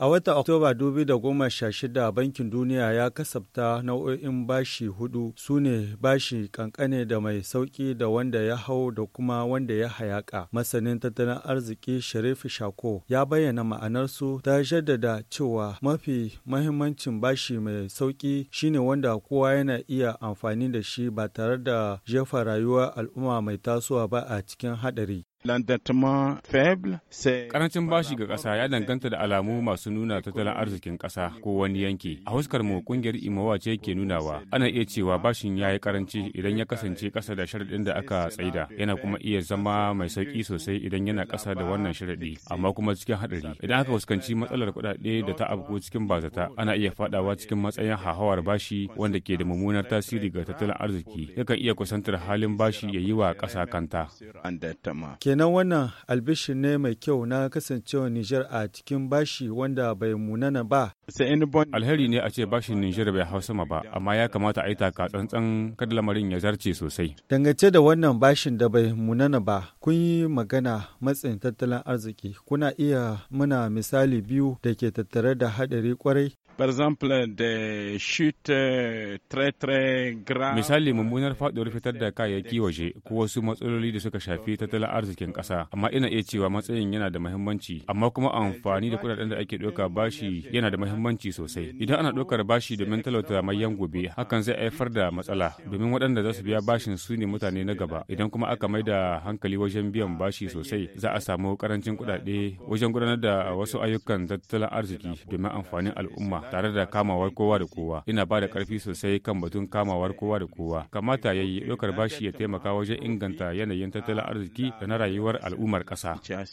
A watan Oktoba 2016 Bankin Duniya ya kasafta nau'o'in bashi hudu su ne bashi kankane da mai sauki da wanda ya hau da kuma wanda ya hayaka. Masanin tattalin arziki Sharif Shako ya bayyana ma'anarsu ta jaddada cewa mafi mahimmancin bashi mai sauki shine wanda kowa yana iya amfani da shi ba tare da jefa rayuwar al'umma mai tasowa ba a cikin haɗari. Karancin bashi ga ƙasa ya danganta da alamu masu nuna tattalin arzikin ƙasa ko wani yanki. A huskar mu ƙungiyar Imawa ce ke nunawa. Ana iya cewa bashin ya yi karanci idan ya kasance ƙasa da sharaɗin da aka tsaida. Yana kuma iya zama mai sauƙi sosai idan yana ƙasa da wannan sharaɗi, amma kuma cikin haɗari. Idan aka fuskanci matsalar kuɗaɗe da ta afko cikin bazata, ana iya faɗawa cikin matsayin hahawar bashi wanda ke da mummunar tasiri ga tattalin arziki. Yakan iya kusantar halin bashi ya yi wa ƙasa kanta. Kenan wannan albishin ne mai kyau na kasancewa Nijar a cikin bashi wanda bai munana ba. Alheri ne a ce bashin Nijar bai hau sama ba, amma ya kamata a yi taka tsantsan kada lamarin ya zarce sosai. Dangance da wannan bashin da bai munana ba, kun yi magana matsin tattalin arziki, kuna iya muna misali biyu da ke tattare da haɗari kwarai. par exemple des chutes très très graves misali mummunar faduwar fitar da kayayyaki waje ko wasu matsaloli da suka shafi tattalin arzikin kasa amma ina iya cewa matsayin yana da muhimmanci amma kuma amfani da kudaden da ake ɗauka bashi yana da muhimmanci sosai idan ana ɗaukar bashi domin talauta yan gobe hakan zai haifar da matsala domin waɗanda za su biya bashin su ne mutane na gaba idan kuma aka mai da hankali wajen biyan bashi sosai za a samu karancin kudade wajen gudanar da wasu ayyukan tattalin arziki domin amfanin al'umma tare da kamawar kowa da kowa ina ba da karfi sosai kan batun kamawar kowa da kowa kamata ya yi ɗaukar bashi ya taimaka wajen inganta yanayin tattalin arziki da na rayuwar al'ummar ƙasa.